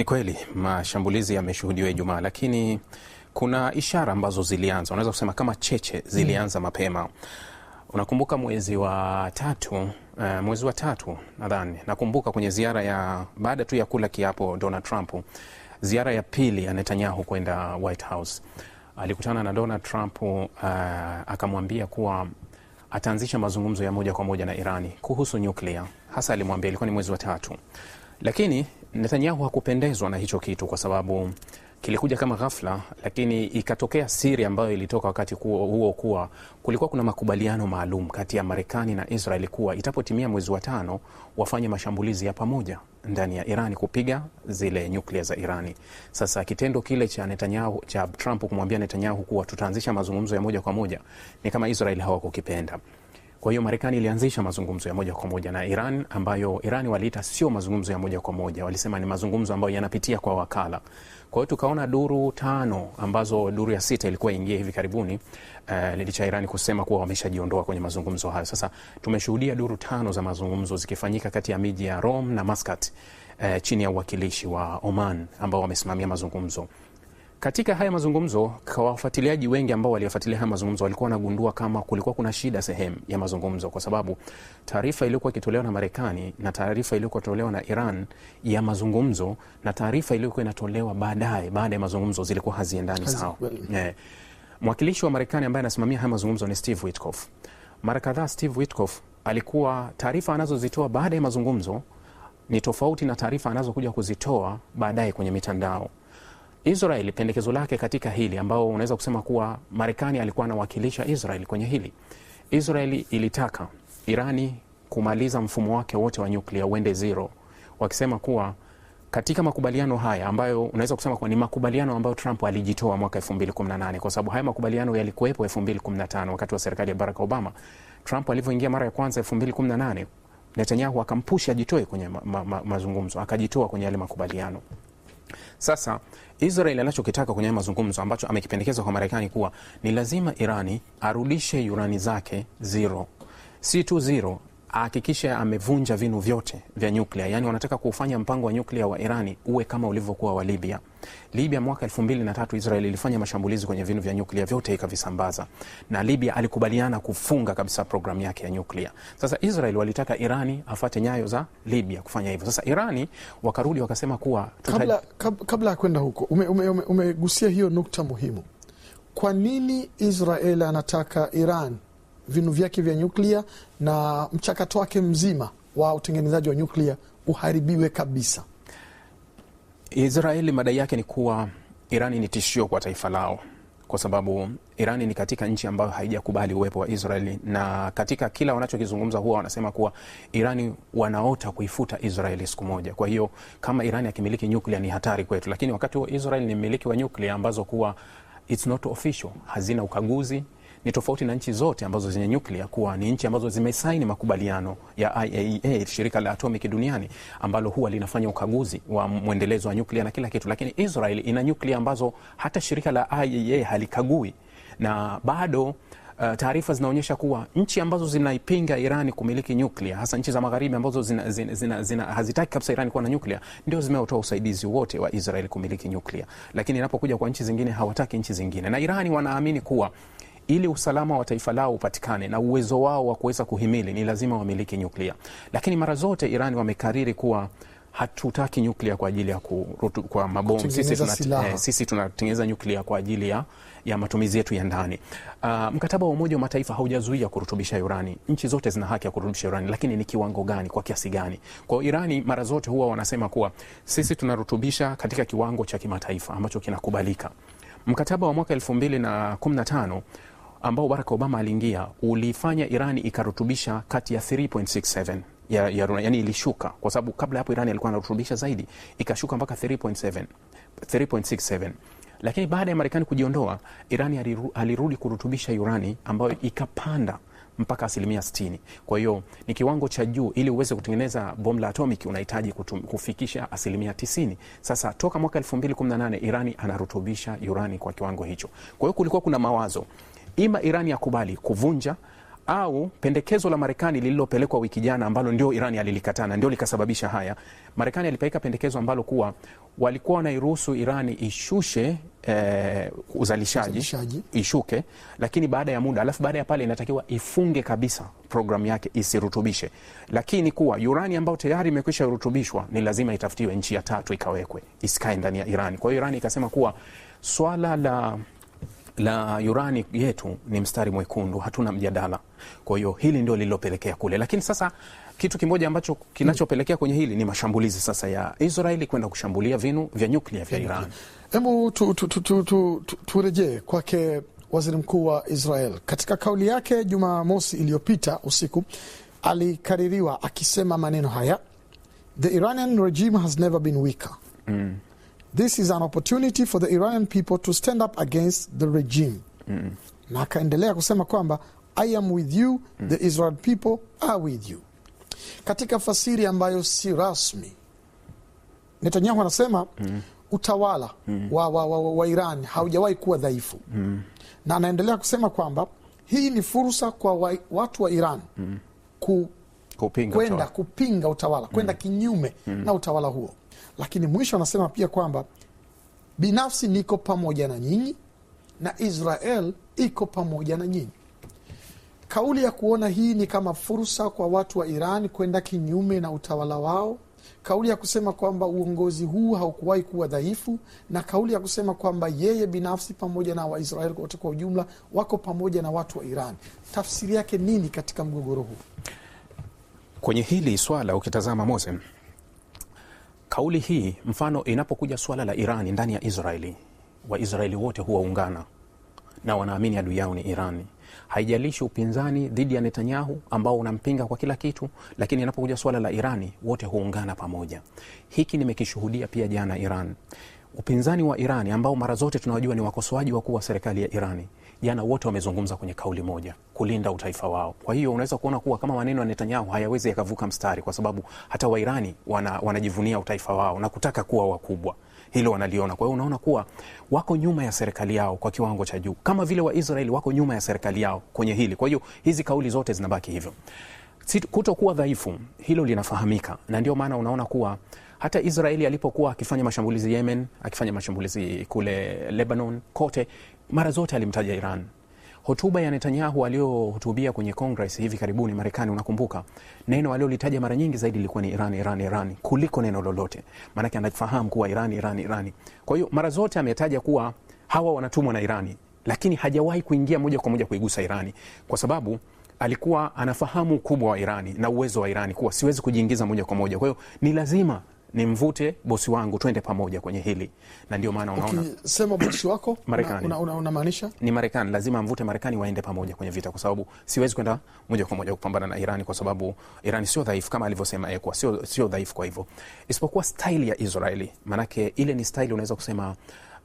Ni kweli mashambulizi yameshuhudiwa Ijumaa, lakini kuna ishara ambazo zilianza, unaweza kusema kama cheche zilianza mm. mapema. Unakumbuka mwezi wa tatu, uh, mwezi wa tatu nadhani, nakumbuka kwenye ziara ya baada tu ya kula kiapo Donald Trump, ziara ya pili ya Netanyahu kwenda White House, alikutana na Donald Trump uh, akamwambia kuwa ataanzisha mazungumzo ya moja kwa moja na Irani kuhusu nyuklia, hasa alimwambia, ilikuwa ni mwezi wa tatu, lakini Netanyahu hakupendezwa na hicho kitu kwa sababu kilikuja kama ghafla, lakini ikatokea siri ambayo ilitoka wakati huo kuwa kulikuwa kuna makubaliano maalum kati ya Marekani na Israeli kuwa itapotimia mwezi wa tano wafanye mashambulizi ya pamoja ndani ya Irani kupiga zile nyuklia za Irani. Sasa kitendo kile cha Netanyahu, cha Trump kumwambia Netanyahu kuwa tutaanzisha mazungumzo ya moja kwa moja ni kama Israeli hawakukipenda. Kwa hiyo Marekani ilianzisha mazungumzo ya moja kwa moja na Iran ambayo Iran waliita sio mazungumzo ya moja kwa moja, walisema ni mazungumzo ambayo yanapitia kwa wakala. Kwa hiyo tukaona duru tano ambazo duru ya sita ilikuwa ingie hivi karibuni, uh, licha Irani kusema kuwa wameshajiondoa kwenye mazungumzo hayo. Sasa tumeshuhudia duru tano za mazungumzo zikifanyika kati ya miji ya Rome na Muscat, uh, chini ya uwakilishi wa Oman ambao wamesimamia mazungumzo. Katika haya mazungumzo, kwa wafuatiliaji wengi ambao waliofuatilia haya mazungumzo walikuwa wanagundua kama kulikuwa kuna shida sehemu ya mazungumzo, kwa sababu taarifa iliyokuwa ikitolewa na Marekani na taarifa iliyokuwa tolewa na Iran ya mazungumzo na taarifa iliyokuwa inatolewa baadaye baada ya mazungumzo zilikuwa haziendani sawa. Yeah. Eh. Mwakilishi wa Marekani ambaye anasimamia haya mazungumzo ni Steve Witkoff. Mara kadhaa Steve Witkoff alikuwa taarifa anazozitoa baada ya mazungumzo ni tofauti na taarifa anazokuja kuzitoa baadaye kwenye mitandao. Israel pendekezo lake katika hili ambao unaweza kusema kuwa Marekani alikuwa anawakilisha Israel kwenye hili. Israel ilitaka Irani kumaliza mfumo wake wote wa nyuklia uende zero, wakisema kuwa katika makubaliano haya ambayo unaweza kusema kuwa ni makubaliano ambayo Trump alijitoa mwaka 2018 kwa sababu haya makubaliano yalikuwepo 2015 wakati wa serikali ya Barack Obama. Trump alivyoingia mara ya kwanza 2018, Netanyahu akampusha ajitoe kwenye ma ma ma mazungumzo, akajitoa kwenye yale makubaliano. Sasa Israel anachokitaka kwenye mazungumzo ambacho amekipendekeza kwa Marekani kuwa ni lazima Irani arudishe urani zake zero, si tu zero ahakikishe amevunja vinu vyote vya nyuklia. Yani wanataka kuufanya mpango wa nyuklia wa Irani uwe kama ulivyokuwa wa Libya. Libya mwaka elfu mbili na tatu Israel ilifanya mashambulizi kwenye vinu vya nyuklia vyote ikavisambaza, na Libya alikubaliana kufunga kabisa programu yake ya nyuklia. Sasa Israel walitaka Irani afate nyayo za Libya kufanya hivyo. Sasa Irani wakarudi wakasema kuwa tuta... kabla, kab, kabla ya kwenda huko umegusia ume, ume, ume hiyo nukta muhimu. Kwa nini Israel anataka Irani vinu vyake vya nyuklia na mchakato wake mzima wa utengenezaji wa nyuklia uharibiwe kabisa. Israeli madai yake ni kuwa Irani ni tishio kwa taifa lao kwa sababu Irani ni katika nchi ambayo haijakubali uwepo wa Israeli, na katika kila wanachokizungumza huwa wanasema kuwa Irani wanaota kuifuta Israeli siku moja. Kwa hiyo kama Irani akimiliki nyuklia ni hatari kwetu, lakini wakati huo Israeli ni mmiliki wa nyuklia ambazo kuwa it's not official, hazina ukaguzi ni tofauti na nchi zote ambazo zenye nyuklia kuwa ni nchi ambazo zimesaini makubaliano ya IAEA, e, shirika la atomiki duniani, ambalo huwa linafanya ukaguzi wa mwendelezo wa nyuklia na kila kitu. Lakini Israel ina nyuklia ambazo hata shirika la IAEA e halikagui na bado Uh, taarifa zinaonyesha kuwa nchi ambazo zinaipinga Irani kumiliki nyuklia hasa nchi za magharibi ambazo zina, zina, zina, zina, hazitaki kabisa Irani kuwa na nyuklia ndio zimeotoa usaidizi wote wa Israel kumiliki nyuklia, lakini inapokuja kwa nchi zingine hawataki nchi zingine, na Irani wanaamini kuwa ili usalama wa taifa lao upatikane na uwezo wao wa kuweza kuhimili, ni lazima wamiliki nyuklia. Lakini mara zote Iran wamekariri kuwa hatutaki nyuklia kwa ajili ya kurutu, kwa mabomu. Sisi, tunat, eh, sisi tunatengeneza nyuklia kwa ajili ya, ya matumizi yetu ya ndani. Uh, mkataba wa Umoja wa Mataifa haujazuia kurutubisha urani. Nchi zote zina haki ya kurutubisha urani, lakini ni kiwango gani, kwa kiasi gani? Kwa Irani mara zote huwa wanasema kuwa sisi tunarutubisha katika kiwango cha kimataifa ambacho kinakubalika. Mkataba wa mwaka elfu mbili na na kumi tano ambao Barack Obama aliingia ulifanya Iran ikarutubisha kati ya 3.67 ya, ya, yani ilishuka kwa sababu kabla hapo Iran ilikuwa inarutubisha zaidi, ikashuka mpaka 3.7 3.67 lakini baada ya Marekani kujiondoa, Irani alirudi kurutubisha urani ambayo ikapanda mpaka asilimia 60. Kwa hiyo ni kiwango cha juu. Ili uweze kutengeneza bomu la atomic unahitaji kufikisha asilimia 90. Sasa toka mwaka 2018 Irani anarutubisha urani kwa kiwango hicho. Kwa hiyo kulikuwa kuna mawazo ima Iran yakubali kuvunja au pendekezo la Marekani lililopelekwa wiki jana ambalo ndio Iran alilikatana ndio likasababisha haya. Marekani alipeleka pendekezo ambalo kuwa walikuwa wanairuhusu Iran ishushe eh, uzalishaji, uzalishaji ishuke, lakini baada ya muda, alafu baada ya pale inatakiwa ifunge kabisa programu yake isirutubishe, lakini kuwa urani ambayo tayari imekwisha rutubishwa ni lazima itafutiwe nchi ya tatu ikawekwe, isikae ndani ya Iran. Kwa hiyo Iran ikasema kuwa swala la la urani yetu ni mstari mwekundu, hatuna mjadala. Kwa hiyo hili ndio lililopelekea kule, lakini sasa kitu kimoja ambacho kinachopelekea kwenye hili ni mashambulizi sasa ya Israeli kwenda kushambulia vinu vya nyuklia vya Iran. Hebu turejee tu, tu, tu, tu, tu, tu kwake waziri mkuu wa Israel katika kauli yake Jumamosi iliyopita usiku alikaririwa akisema maneno haya, the Iranian regime has never been weaker mm. This is an opportunity for the Iranian people to stand up against the regime mm. na akaendelea kusema kwamba I am with you mm. the Israel people are with you, katika fasiri ambayo si rasmi. Netanyahu anasema mm. utawala mm. wa, wa, wa, wa Iran haujawahi kuwa dhaifu mm. na anaendelea kusema kwamba hii ni fursa kwa wa, watu wa Iran mm. ku, kwenda kupinga utawala kwenda mm. kinyume mm. na utawala huo lakini mwisho anasema pia kwamba binafsi niko pamoja na nyinyi na Israel iko pamoja na nyinyi. Kauli ya kuona hii ni kama fursa kwa watu wa Iran kwenda kinyume na utawala wao, kauli ya kusema kwamba uongozi huu haukuwahi kuwa dhaifu, na kauli ya kusema kwamba yeye binafsi pamoja na waisrael wote kwa ujumla wako pamoja na watu wa Iran. Tafsiri yake nini katika mgogoro huu? Kwenye hili swala ukitazama Mose Kauli hii mfano, inapokuja swala la Irani ndani ya Israeli, Waisraeli wote huwaungana na wanaamini adui yao ni Irani. Haijalishi upinzani dhidi ya Netanyahu ambao unampinga kwa kila kitu, lakini inapokuja swala la Irani wote huungana pamoja. Hiki nimekishuhudia pia jana Iran. Upinzani wa Irani ambao mara zote tunawajua ni wakosoaji wakuu wa serikali ya Irani jana wote wamezungumza kwenye kauli moja, kulinda utaifa wao. Kwa hiyo unaweza kuona kuwa kama maneno ya Netanyahu hayawezi yakavuka mstari, kwa sababu hata Wairani wana, wanajivunia utaifa wao na kutaka kuwa wakubwa hilo wanaliona. Kwa hiyo unaona kuwa wako nyuma ya serikali yao kwa kiwango cha juu, kama vile Waisraeli wako nyuma ya serikali yao kwenye hili. Kwa hiyo hizi kauli zote zinabaki hivyo, kutokuwa dhaifu, hilo linafahamika, na ndio maana unaona kuwa hata Israeli alipokuwa akifanya mashambulizi Yemen, akifanya mashambulizi kule Lebanon, kote mara zote alimtaja Iran. Hotuba ya Netanyahu aliyohutubia kwenye Kongres hivi karibuni Marekani, unakumbuka neno alilolitaja mara nyingi zaidi ilikuwa ni Iran, Iran, Iran kuliko neno lolote, maanake anafahamu kuwa Iran, Iran, Iran. Kwa hiyo mara zote ametaja kuwa hawa wanatumwa na Irani, lakini hajawahi kuingia moja kwa moja kuigusa Irani kwa sababu alikuwa anafahamu ukubwa wa Irani na uwezo wa Irani kuwa siwezi kujiingiza moja kwa moja, kwa hiyo ni lazima nimvute bosi wangu twende pamoja kwenye hili, na ndio maana unaona ukisema bosi wako unamaanisha una, una ni Marekani, lazima mvute Marekani waende pamoja kwenye vita, kwa sababu siwezi kwenda moja kwa moja kupambana na Irani kwa sababu Irani sio dhaifu kama alivyosema Ekwa, sio sio dhaifu kwa hivyo, isipokuwa style ya Israeli, manake ile ni style unaweza kusema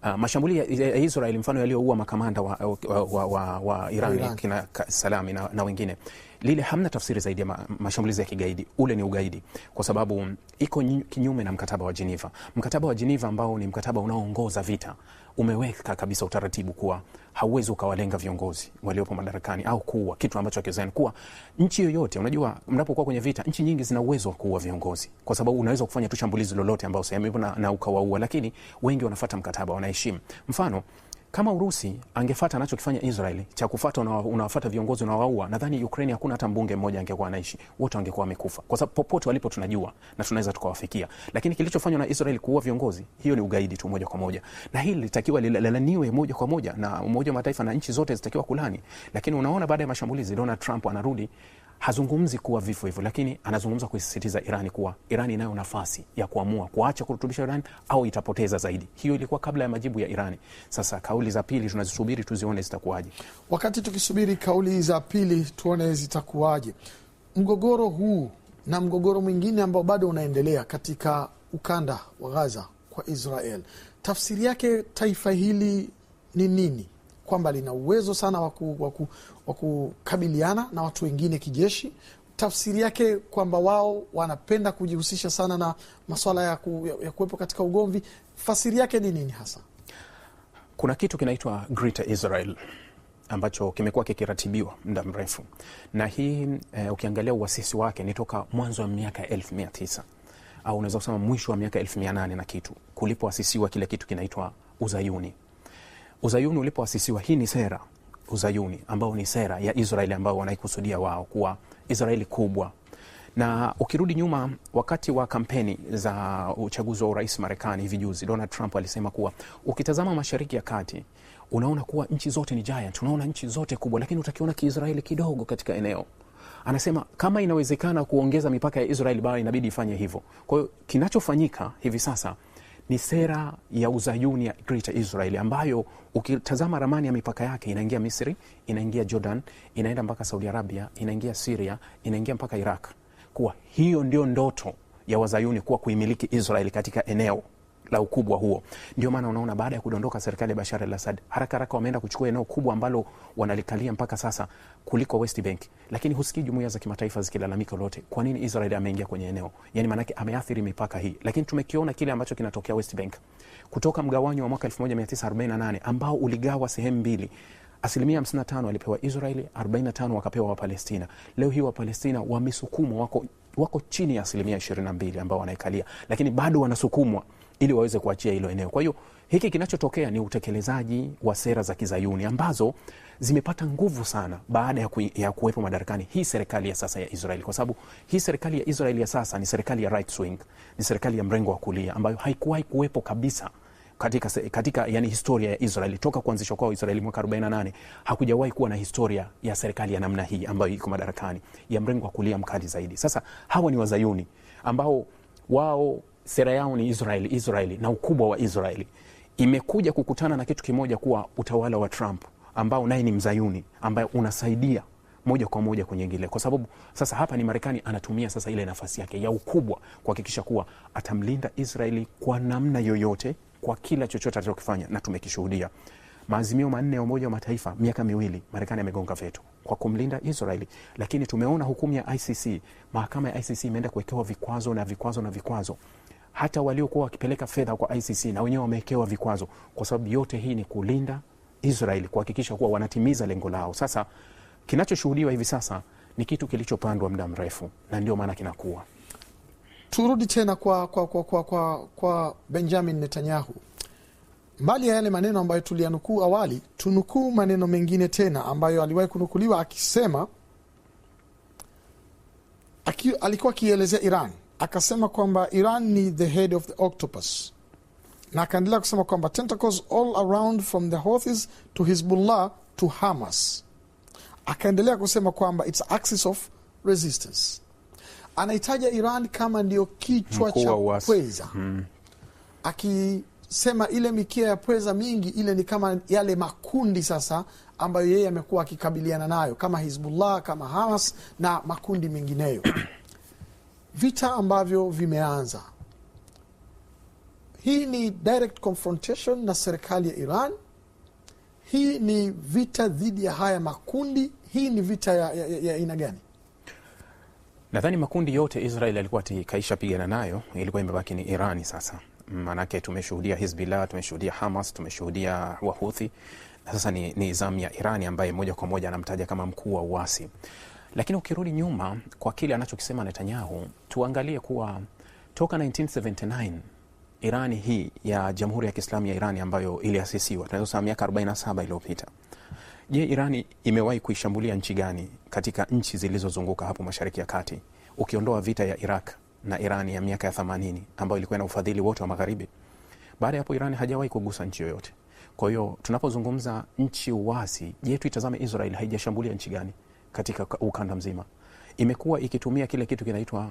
Uh, mashambulio ya Israeli mfano yaliyoua makamanda wa, wa, wa, wa, wa Irani kina Salami na, na wengine lile hamna tafsiri zaidi ya mashambulizi ya kigaidi. Ule ni ugaidi kwa sababu iko kinyume na mkataba wa Geneva. Mkataba wa Geneva ambao ni mkataba unaoongoza vita umeweka kabisa utaratibu kuwa hauwezi ukawalenga viongozi waliopo madarakani au kuua, kitu ambacho akizani kuwa nchi yoyote. Unajua, mnapokuwa kwenye vita, nchi nyingi zina uwezo wa kuua viongozi, kwa sababu unaweza kufanya tu shambulizi lolote ambao sehemu hivyo na, na ukawaua, lakini wengi wanafata mkataba, wanaheshimu mfano kama Urusi angefata anachokifanya Israeli cha kufata unawafata viongozi unawaua, nadhani Ukraine hakuna hata mbunge mmoja angekuwa anaishi, wote wangekuwa wamekufa, kwa sababu popote walipo tunajua na tunaweza tukawafikia. Lakini kilichofanywa na Israeli kuua viongozi, hiyo ni ugaidi tu moja kwa moja, na hili litakiwa lilalaniwe moja kwa moja na Umoja wa Mataifa na nchi zote zitakiwa kulani. Lakini unaona baada ya mashambulizi Donald Trump anarudi hazungumzi kuwa vifo hivyo, lakini anazungumza kuisisitiza Irani kuwa Irani inayo nafasi ya kuamua kuacha kurutubisha irani au itapoteza zaidi. Hiyo ilikuwa kabla ya majibu ya Irani. Sasa kauli za pili tunazisubiri tuzione zitakuwaje. Wakati tukisubiri kauli za pili tuone zitakuwaje, mgogoro huu na mgogoro mwingine ambao bado unaendelea katika ukanda wa Gaza kwa Israel, tafsiri yake taifa hili ni nini? Kwamba lina uwezo sana wa wa kukabiliana na watu wengine kijeshi. Tafsiri yake kwamba wao wanapenda kujihusisha sana na maswala ya, ku, ya, ya kuwepo katika ugomvi. Fasiri yake ni nini hasa? Kuna kitu kinaitwa Greater Israel ambacho kimekuwa kikiratibiwa muda mrefu na hii e, ukiangalia uwasisi wake ni toka mwanzo wa miaka elfu mia tisa au unaweza kusema mwisho wa miaka elfu mia nane na kitu kulipoasisiwa kile kitu kinaitwa Uzayuni. Uzayuni ulipoasisiwa, hii ni sera uzayuni ambao ni sera ya Israeli ambao wanaikusudia wao kuwa Israeli kubwa. Na ukirudi nyuma, wakati wa kampeni za uchaguzi wa urais Marekani hivi juzi, Donald Trump alisema kuwa ukitazama Mashariki ya Kati unaona kuwa nchi zote ni giant, unaona nchi zote kubwa, lakini utakiona kiisraeli kidogo katika eneo Anasema kama inawezekana kuongeza mipaka ya Israel bado inabidi ifanye hivyo. Kwa hiyo kinachofanyika hivi sasa ni sera ya uzayuni ya Greater Israel ambayo ukitazama ramani ya mipaka yake inaingia Misri, inaingia Jordan, inaenda mpaka Saudi Arabia, inaingia Syria, inaingia mpaka Iraq. Kuwa hiyo ndio ndoto ya wazayuni kuwa kuimiliki Israel katika eneo la ukubwa huo. Ndio maana unaona baada ya kudondoka serikali ya Bashar al-Assad, haraka haraka wameenda kuchukua eneo kubwa ambalo wanalikalia mpaka sasa kuliko West Bank, lakini husikii jumuiya za kimataifa zikilalamika lolote. Kwa nini Israel ameingia kwenye eneo? Yani maanake ameathiri mipaka hii, lakini tumekiona kile ambacho kinatokea West Bank kutoka mgawanyo wa mwaka 1948 ambao uligawa sehemu mbili asilimia 55 walipewa Israeli, 45 wakapewa Wapalestina. Leo hii Wapalestina wamesukumwa, wako, wako chini ya asilimia 22 ambao wanaikalia, lakini bado wanasukumwa ili waweze kuachia hilo eneo. Kwa hiyo hiki kinachotokea ni utekelezaji wa sera za kizayuni ambazo zimepata nguvu sana baada ya, ku, ya kuwepo madarakani hii serikali ya sasa ya Israel, kwa sababu hii serikali ya Israel ya sasa ni serikali ya right wing, ni serikali ya mrengo wa kulia ambayo haikuwahi kuwepo kabisa katika, katika yani historia ya Israel toka kuanzishwa kwao Israeli mwaka 48 hakujawahi kuwa na historia ya serikali ya namna hii ambayo iko madarakani ya mrengo wa kulia mkali zaidi. Sasa hawa ni wazayuni ambao wao sera yao ni Israeli, Israeli na ukubwa wa Israeli, imekuja kukutana na kitu kimoja kuwa utawala wa Trump ambao naye ni mzayuni ambaye unasaidia moja kwa moja kwenye ngile, kwa sababu sasa hapa ni Marekani anatumia sasa ile nafasi yake ya ukubwa kuhakikisha kuwa atamlinda Israeli kwa namna yoyote, kwa kila chochote atachokifanya, na tumekishuhudia maazimio manne ya Umoja wa Mataifa miaka miwili Marekani amegonga veto kwa kumlinda Israeli, lakini tumeona hukumu ya ICC, mahakama ya ICC imeenda kuwekewa vikwazo na vikwazo na vikwazo hata waliokuwa wakipeleka fedha kwa ICC na wenyewe wamewekewa vikwazo, kwa sababu yote hii ni kulinda Israel, kuhakikisha kuwa wanatimiza lengo lao. Sasa kinachoshuhudiwa hivi sasa ni kitu kilichopandwa muda mrefu, na ndio maana kinakuwa. Turudi tena kwa, kwa, kwa, kwa, kwa, kwa Benjamin Netanyahu. Mbali ya yale maneno ambayo tuliyanukuu awali, tunukuu maneno mengine tena ambayo aliwahi kunukuliwa akisema aki, alikuwa akielezea Iran akasema kwamba Iran ni the head of the octopus, na akaendelea kusema kwamba tentacles all around from the Houthis to Hizbullah to Hamas. Akaendelea kusema kwamba it's axis of resistance. Anaitaja Iran kama ndio kichwa cha pweza hmm. akisema ile mikia ya pweza mingi ile ni kama yale makundi sasa ambayo yeye amekuwa akikabiliana nayo kama Hizbullah, kama Hamas na makundi mengineyo vita ambavyo vimeanza. Hii ni direct confrontation na serikali ya Iran. Hii ni vita dhidi ya haya makundi. Hii ni vita ya aina gani? Nadhani makundi yote Israel alikuwa tikaisha pigana nayo, ilikuwa imebaki ni Irani sasa. Maanake tumeshuhudia Hizbillah, tumeshuhudia Hamas, tumeshuhudia Wahuthi na sasa ni, ni zamu ya Irani ambaye moja kwa moja anamtaja kama mkuu wa uasi. Lakini ukirudi nyuma kwa kile anachokisema Netanyahu, tuangalie kuwa toka 1979 Irani hii ya Jamhuri ya Kiislamu ya Irani ambayo iliasisiwa tunaweza miaka 47 iliyopita. Je, Irani imewahi kuishambulia nchi gani katika nchi zilizozunguka hapo Mashariki ya Kati, ukiondoa vita ya Iraq na Irani ya miaka ya 80 ambayo ilikuwa na ufadhili wote wa Magharibi? Baada ya hapo Irani hajawahi kugusa nchi yoyote. Kwa hiyo tunapozungumza nchi uasi, je, tuitazame Israel haijashambulia nchi gani? katika ukanda mzima imekuwa ikitumia kile kitu kinaitwa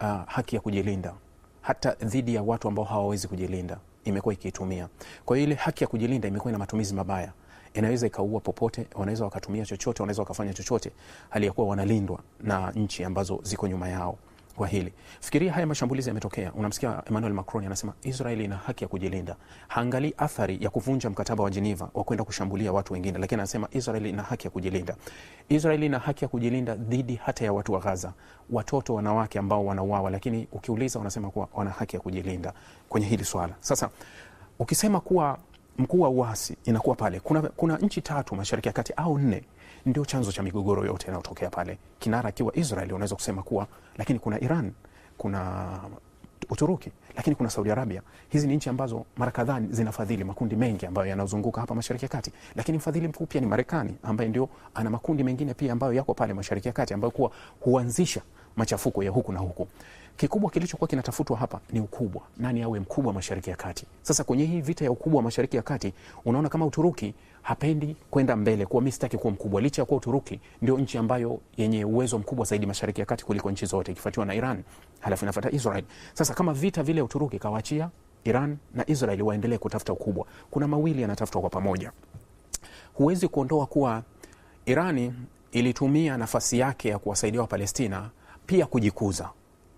uh, haki ya kujilinda hata dhidi ya watu ambao hawawezi kujilinda imekuwa ikiitumia. Kwa hiyo ile haki ya kujilinda imekuwa ina matumizi mabaya, inaweza ikaua popote, wanaweza wakatumia chochote, wanaweza wakafanya chochote, hali ya kuwa wanalindwa na nchi ambazo ziko nyuma yao kwa hili. Fikiria haya mashambulizi yametokea, unamsikia Emmanuel Macron anasema Israel ina haki ya kujilinda. haangali athari ya kuvunja mkataba wa Geneva wa kwenda kushambulia watu wengine, lakini anasema Israel ina haki ya kujilinda. Israel ina haki ya kujilinda dhidi hata ya watu wa Gaza, watoto, wanawake ambao wanauawa, lakini ukiuliza wanasema kuwa wana haki ya kujilinda kwenye hili swala. Sasa ukisema kuwa mkuu wa uasi inakuwa pale kuna, kuna nchi tatu Mashariki ya Kati au nne ndio chanzo cha migogoro yote inayotokea pale. Kinara akiwa Israel, unaweza kusema kuwa, lakini kuna Iran, kuna Uturuki lakini kuna Saudi Arabia. Hizi ni nchi ambazo mara kadhaa zinafadhili makundi mengi ambayo yanazunguka hapa Mashariki ya Kati, lakini mfadhili mkuu pia ni Marekani ambaye ndio ana makundi mengine pia ambayo yako pale Mashariki ya Kati ambayo kuwa huanzisha machafuko ya huku na huku. Kikubwa kilichokuwa kinatafutwa hapa ni ukubwa, nani awe mkubwa Mashariki ya Kati. Sasa kwenye hii vita ya ukubwa wa Mashariki ya Kati, unaona kama Uturuki hapendi kwenda mbele, kuwa mi sitaki kuwa mkubwa, licha ya kuwa Uturuki ndio nchi ambayo yenye uwezo mkubwa zaidi Mashariki ya Kati kuliko nchi zote, ikifuatiwa na Iran, halafu inafuata Israel. Sasa kama vita vile ya Uturuki ikawachia Iran na Israel waendelee kutafuta ukubwa. Kuna mawili yanatafutwa kwa pamoja. Huwezi kuondoa kuwa Irani ilitumia nafasi yake ya kuwasaidia Wapalestina pia kujikuza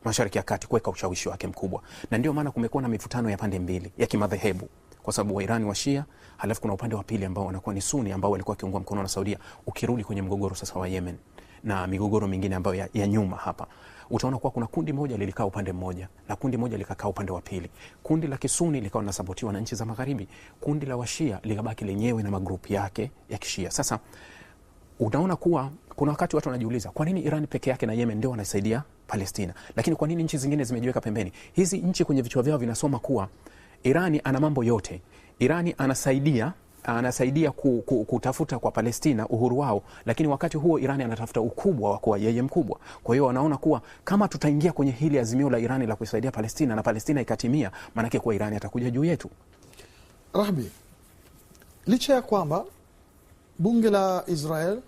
Mashariki ya Kati, kuweka ushawishi wake mkubwa, na ndio maana kumekuwa na mivutano ya pande mbili ya kimadhehebu kwa sababu Wairani wa Shia, halafu kuna upande wa pili ambao wanakuwa ni Suni ambao walikuwa wakiungwa mkono na Saudia. Ukirudi kwenye mgogoro sasa wa Yemen na migogoro mingine ambayo ya, ya nyuma hapa utaona kuwa kuna kundi moja lilikaa upande mmoja na kundi moja likakaa upande wa pili. Kundi la Kisuni likawa linasapotiwa na nchi za Magharibi, kundi la Washia likabaki lenyewe na magrupu yake ya Kishia. Sasa unaona kuwa kuna wakati watu wanajiuliza kwa nini Iran peke yake na Yemen ndio wanasaidia Palestina, lakini kwa nini nchi zingine zimejiweka pembeni? Hizi nchi kwenye vichwa vyao vinasoma kuwa Irani ana mambo yote, Irani anasaidia anasaidia ku, ku, kutafuta kwa Palestina uhuru wao, lakini wakati huo Irani anatafuta ukubwa wa kuwa yeye mkubwa. Kwa hiyo wanaona kuwa kama tutaingia kwenye hili azimio la Irani la kuisaidia Palestina na Palestina ikatimia, maanake kuwa Irani atakuja juu yetu. Rahbi, licha ya kwamba bunge la Israel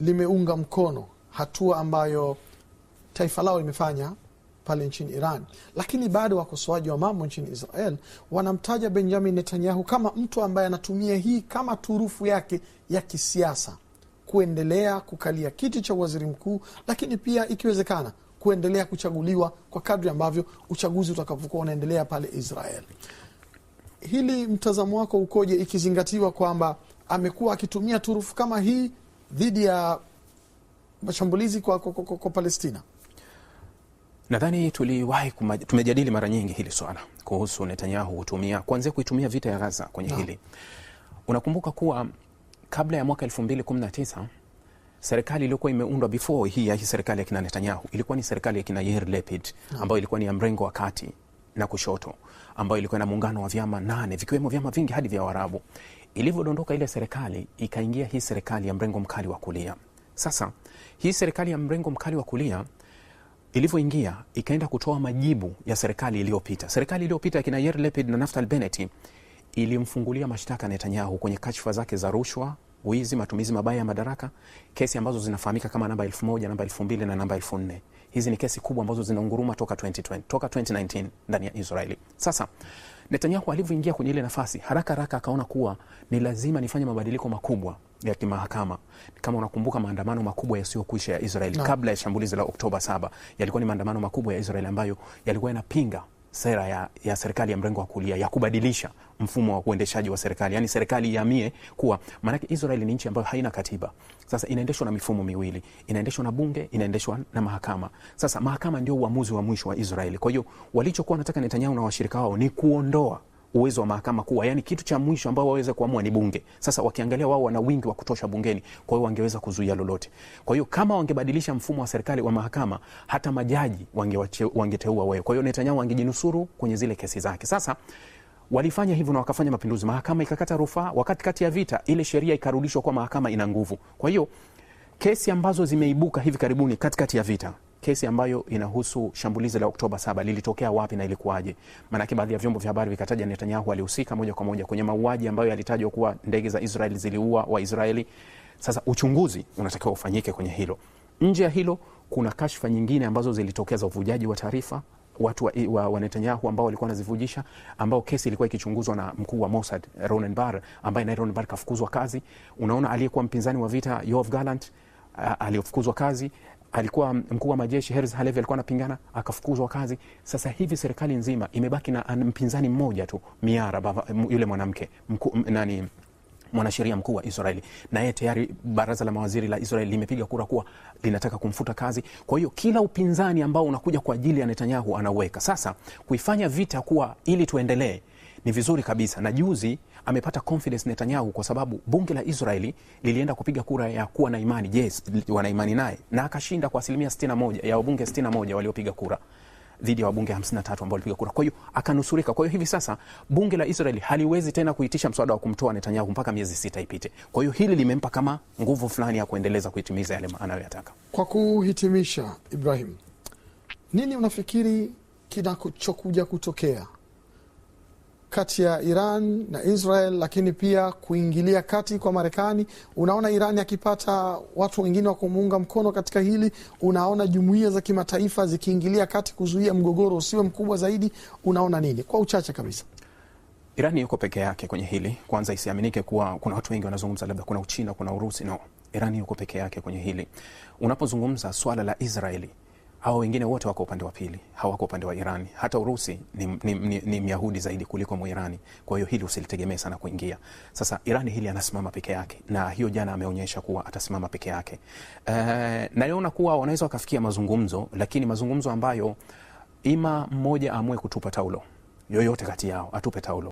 limeunga mkono hatua ambayo taifa lao limefanya pale nchini Iran, lakini bado wakosoaji wa mambo nchini Israel wanamtaja Benjamin Netanyahu kama mtu ambaye anatumia hii kama turufu yake ya kisiasa kuendelea kukalia kiti cha waziri mkuu, lakini pia ikiwezekana kuendelea kuchaguliwa kwa kadri ambavyo uchaguzi utakavyokuwa unaendelea pale Israel. Hili mtazamo wako ukoje, ikizingatiwa kwamba amekuwa akitumia turufu kama hii dhidi ya mashambulizi kwa, kwa, kwa, kwa Palestina? Nadhani tuliwahi tumejadili mara nyingi hili swala kuhusu Netanyahu hutumia kuanzia kuitumia vita ya Gaza kwenye no. hili. Unakumbuka kuwa kabla ya mwaka 2019 serikali iliyokuwa imeundwa before hii ya hii serikali ya kina Netanyahu ilikuwa ni serikali ya kina Yair Lapid ambayo ilikuwa ni ya mrengo wa kati na kushoto ambayo ilikuwa na muungano wa vyama nane vikiwemo vyama vingi hadi vya Waarabu. Ilivyodondoka ile serikali, ikaingia hii serikali ya mrengo mkali wa kulia. Sasa hii serikali ya mrengo mkali wa kulia ilivyoingia ikaenda kutoa majibu ya serikali iliyopita. Serikali iliyopita ya kina Yair Lapid na Naftali Bennett ilimfungulia mashtaka Netanyahu kwenye kashfa zake za rushwa, wizi, matumizi mabaya ya madaraka, kesi ambazo zinafahamika kama namba 1000, namba 2000 na namba 4000. Hizi ni kesi kubwa ambazo zinaunguruma toka 2020, toka 2019 ndani ya Israeli. Sasa Netanyahu alivyoingia kwenye ile nafasi, haraka haraka akaona kuwa ni lazima nifanye mabadiliko makubwa ya kimahakama. Kama unakumbuka maandamano makubwa yasiyokwisha ya Israeli no. kabla ya shambulizi la Oktoba saba yalikuwa ni maandamano makubwa ya Israeli ambayo yalikuwa yanapinga sera ya, ya serikali ya mrengo wa kulia ya kubadilisha mfumo wa uendeshaji wa serikali, yani serikali iamie kuwa, maanake Israeli ni nchi ambayo haina katiba. Sasa inaendeshwa na mifumo miwili, inaendeshwa na bunge, inaendeshwa na mahakama. Sasa mahakama ndio uamuzi wa mwisho wa Israeli. Kwa hiyo walichokuwa wanataka Netanyahu na washirika wao ni kuondoa uwezo wa mahakama kuwa, yani kitu cha mwisho ambao waweza kuamua ni bunge. Sasa wakiangalia wao wana wingi wa kutosha bungeni, kwa hiyo wangeweza kuzuia lolote. Kwa hiyo kama wangebadilisha mfumo wa serikali wa mahakama, hata majaji wangeteua wao. Kwa hiyo Netanyahu angejinusuru kwenye zile kesi zake. Sasa walifanya hivyo na wakafanya mapinduzi, mahakama ikakata rufaa. Wakati kati ya vita, ile sheria ikarudishwa kwa mahakama ina nguvu. Kwa hiyo kesi ambazo zimeibuka hivi karibuni katikati ya vita kesi ambayo inahusu shambulizi la Oktoba saba lilitokea wapi na ilikuwaje? Maanake baadhi ya vyombo vya habari vikataja Netanyahu alihusika moja kwa moja kwenye mauaji ambayo yalitajwa kuwa ndege za Israel ziliua Waisraeli. Sasa uchunguzi unatakiwa ufanyike kwenye hilo. Nje ya hilo, kuna kashfa nyingine ambazo zilitokea za uvujaji wa taarifa watu wa, wa, wa Netanyahu ambao walikuwa wanazivujisha, ambao kesi ilikuwa ikichunguzwa na mkuu wa Mossad Ronen Bar, ambaye naye Ronen Bar kafukuzwa kazi. Unaona, aliyekuwa mpinzani wa vita Yoav Gallant aliyofukuzwa kazi alikuwa mkuu wa majeshi Herz Halevi alikuwa anapingana akafukuzwa kazi. Sasa hivi serikali nzima imebaki na mpinzani mmoja tu, Miara baba, yule mwanamke mkuu, nani mwanasheria mkuu wa Israeli na yeye tayari baraza la mawaziri la Israeli limepiga kura kuwa linataka kumfuta kazi. Kwa hiyo kila upinzani ambao unakuja kwa ajili ya Netanyahu anauweka. Sasa kuifanya vita kuwa ili tuendelee ni vizuri kabisa. Na juzi amepata confidence Netanyahu kwa sababu bunge la Israeli lilienda kupiga kura ya kuwa na imani, yes, wana imani naye na akashinda kwa asilimia 61 ya wabunge 61 waliopiga kura dhidi ya wabunge 53 ambao walipiga kura. Kwa hiyo akanusurika. Kwa hiyo hivi sasa bunge la Israeli haliwezi tena kuitisha mswada wa kumtoa Netanyahu mpaka miezi sita ipite. Kwa hiyo hili limempa kama nguvu fulani ya kuendeleza kuitimiza yale anayoyataka. Kwa kuhitimisha, Ibrahim, nini unafikiri kinachokuja kutokea kati ya Iran na Israel, lakini pia kuingilia kati kwa Marekani. Unaona Iran akipata watu wengine wa kumuunga mkono katika hili, unaona jumuiya za kimataifa zikiingilia kati kuzuia mgogoro usiwe mkubwa zaidi. Unaona nini kwa uchache kabisa? Iran yuko peke yake kwenye hili. Kwanza isiaminike kuwa kuna watu wengi wanazungumza, labda kuna Uchina, kuna Urusi. No, Iran yuko peke yake kwenye hili. Unapozungumza swala la Israeli hawa wengine wote wako upande wa pili, hawako upande wa Irani. Hata Urusi ni, ni, ni, ni myahudi zaidi kuliko Mwirani, kwa hiyo hili usilitegemee sana kuingia. Sasa Irani hili anasimama peke yake, na hiyo jana ameonyesha kuwa atasimama peke yake. E, eh, naona kuwa wanaweza wakafikia mazungumzo, lakini mazungumzo ambayo ima mmoja amue kutupa taulo, yoyote kati yao atupe taulo.